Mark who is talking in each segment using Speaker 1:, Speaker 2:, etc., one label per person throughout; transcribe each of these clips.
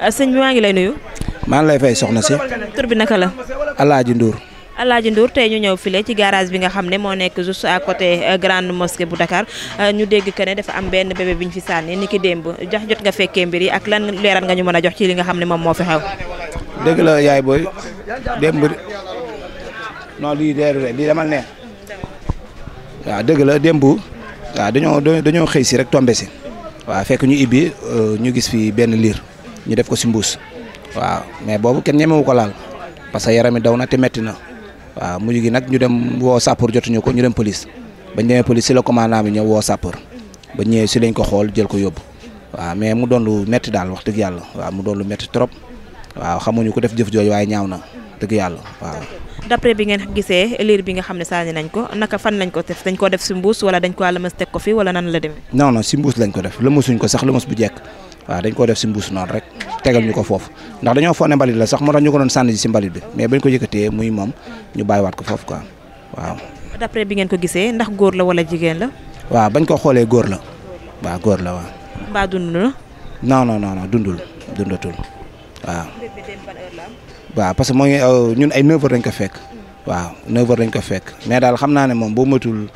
Speaker 1: Euh, sëñ bi maa ngi lay nuyu.
Speaker 2: maa ngi lay fay soxna si. tur bi naka la. Alaaji Ndour.
Speaker 1: Alaaji nduur tey ñu ñëw file ci garage bi nga xam ne moo nekk juste à côté euh, grande mosquée bu Dakar euh, ñu dégg que ne am benn bébé bi ñu fi sànni ni ki démb jox jot nga fekkee mbir yi ak lan leeral nga ñu mën a jox ci li nga xam ne moom moo fi xew.
Speaker 2: dégg la yaay booy démb non lii deeru de lii dama neex waaw dëgg la démb waaw dañoo xëy si rek tombé si waaw fekk ñu ibbi ñu gis fi benn liir. ñu def ko si mbuus waaw mais boobu kenn ñemewu ko laal parce que yaram yi daw na te metti na waaw mujj gi nag ñu dem woo sapeur jotuñu ko ñu dem police bañ demee police la commandant bi ñëw woo sapeur ba ñëwee si lañ ko xool jël ko yóbbu waaw mais mu doon lu metti daal wax dëgg yàlla waaw mu doon lu metti trop waaw xamuñu ko def jëf jooju waaye ñaaw na dëgg yàlla waaw.
Speaker 1: d'après bi ngeen gisee liir bi nga xam ne sànni nañ ko naka fan lañ ko def dañ ko def si mbuus wala dañ ko lëmas teg ko fi wala nan la demee.
Speaker 2: non non si mbuus lañ ko def lëmasuñ ko sax lëmas bu jekk waaw dañ ko def si mbuus noonu rek tegal ñu ko foofu ndax dañoo foog ne mbalit la sax moo tax ñu ko doon sànni si mbalit bi mais bañ ko yëkkatee muy moom ñu bàyyiwaat ko foofu quoi waaw.
Speaker 1: d'après bi ngeen ko gisee ndax góor la wala jigéen la.
Speaker 2: waaw bañ ko xoolee góor la waaw góor la waaw. mbaa dund na. non non non dundul dundatul waaw. waaw que mooy euh, ñu ay 9h dañ ko fekk. waaw 9h ko fekk mais daal xam naa ne moom boo matul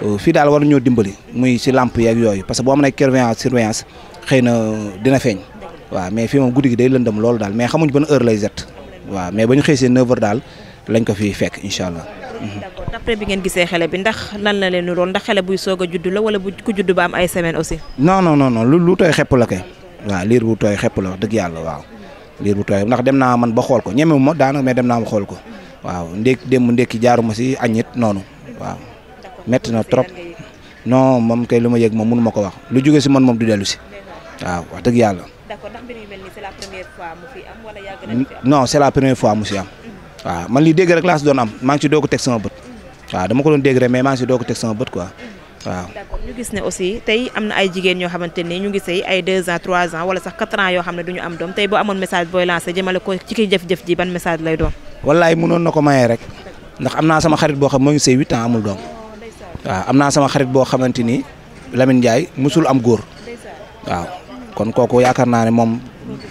Speaker 2: euh, fii daal war ñoo dimbali muy si lamp yeeg yooyu parce que boo am ay surveillance xëy na dina feeñ waaw mais fii moom guddi gi day lëndëm loolu daal mais xamuñ ban heure lay set waaw mais ba ñu xëy see 9 daal lañ ko fi fekk incha allah.
Speaker 1: d'accord bi ngeen gisee xale bi ndax lan la leen lool ndax xale buy soog a judd la wala bu ku judd ba am ay semaine aussi.
Speaker 2: non non non non lu lu tooy xepp la kay. liir bu tooy xepp la dëgg yàlla waaw. liir bu tooy ndax dem naa man ba xool ko ñemewu ma daanaka mais dem naa ma xool ko waaw ndéek démb ndékki jaaruma si añit noonu waaw. metti na trop non moom kay lu ma yëg moom munu ma ko wax lu jóge si man moom du dellu si. waaw wax dëgg yàlla. d'accord c'est la première fois mu fi am na fi am. non fois mu si am. waaw man li dégg rek laa si doon am maa ngi ci doog a teg sama bët. waaw dama ko doon dégg mais man ngi si doog a teg sama bët quoi. waaw
Speaker 1: ñu gis ne aussi tey am na ay jigéen ñoo xamante ne ñu ngi sëy ay 2 ans 3 ans wala sax 4 ans yoo xam ne du ñu am doom tey boo amoon message booy lancé jëmale ko ci ki jëf-jëf ji ban message lay doon.
Speaker 2: wallaay mënoon na ko mayee rek ndax am naa sama xarit boo xam moo ngi sëy 8 ans amul oh, am naa sama xarit boo xamante ni Lamine Ndiaye musul am góor kon kooku yaakaar naa ne moom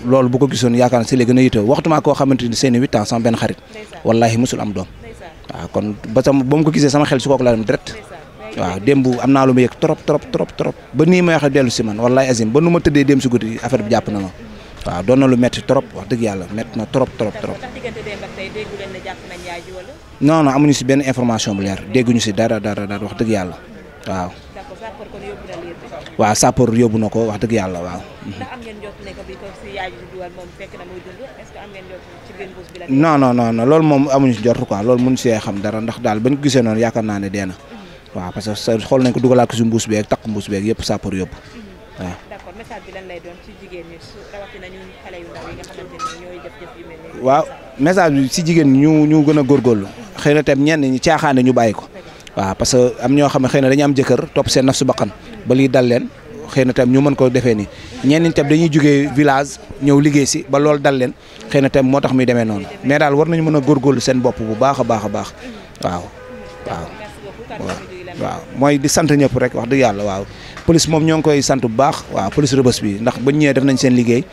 Speaker 2: loolu bu ko gisoon yaakaar naa si la na a yittewoo waxtuma koo xamante ni seen i huit ans sama benn xarit wallahi musul am doom waaw kon ba sama ba mu ko gisee sama xel si kooku la dem direct waaw démb am naa lu ma yëg trop trop trop trop ba nii may wax dellu si man wallahi azim ba nu ma tëddee dem si guddi affaire bi jàpp na ma waaw doon na lu métti trop wax dëgg yàlla métti na trop trop trop. non non amuñu si benn information bu leer dégguñu si dara dara dara wax dëgg yàlla waaw sapeur yóbbu na ko wax dëgg yàlla waaw. ndax
Speaker 1: am ngeen jot ne ko bi ko si yaay
Speaker 2: na muy moom amuñu jot loolu mënu see xam dara ndax daal bañ ko gisee noonu yaakaar naa ne dee na mhm. waaw parce que xool nañ ko dugalaat ko si mbuus beeg takk mbuus beeg yëpp sapeur yóbbu mhm. waaw.
Speaker 1: message bi ci jigéen
Speaker 2: yi si jigéen ñu ñu gën a góorgóorlu mhm. xëy na tam ñenn ñi caaxaane ñu bàyyi ko waaw parce que am ñoo xam ne xëy na dañu am jëkkër topp seen naf su baqan ba lii dal leen xëy na tam ñu mën ko defee nii ñenn ñi tam dañuy jógee village ñëw liggéey si ba loolu dal leen xëy na tam moo tax muy demee noonu mais daal war nañu mën a góorgóorlu seen bopp bu baax a baax a baax waaw waaw waaw mooy di sant ñëpp rek wax dëgg yàlla waaw police moom ñoo ngi koy sant bu baax waaw police rëbës bi ndax bañ ñee def nañ seen liggéey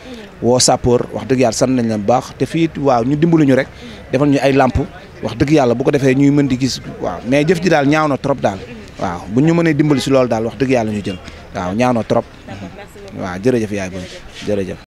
Speaker 2: woo sapeur wax dëgg yàlla sant nañ leen bu baax te fii waaw ñu dimbaluñu rek defal ñu ay lamp wax dëgg yàlla bu ko defee ñuy mën di gis waaw mais jëf ji daal ñaaw na trop daal waaw bu ñu mënee dimbali si loolu daal wax dëgg yàlla ñu jël waaw ñaaw na trop waaw jërëjëf yaay booy jërëjëf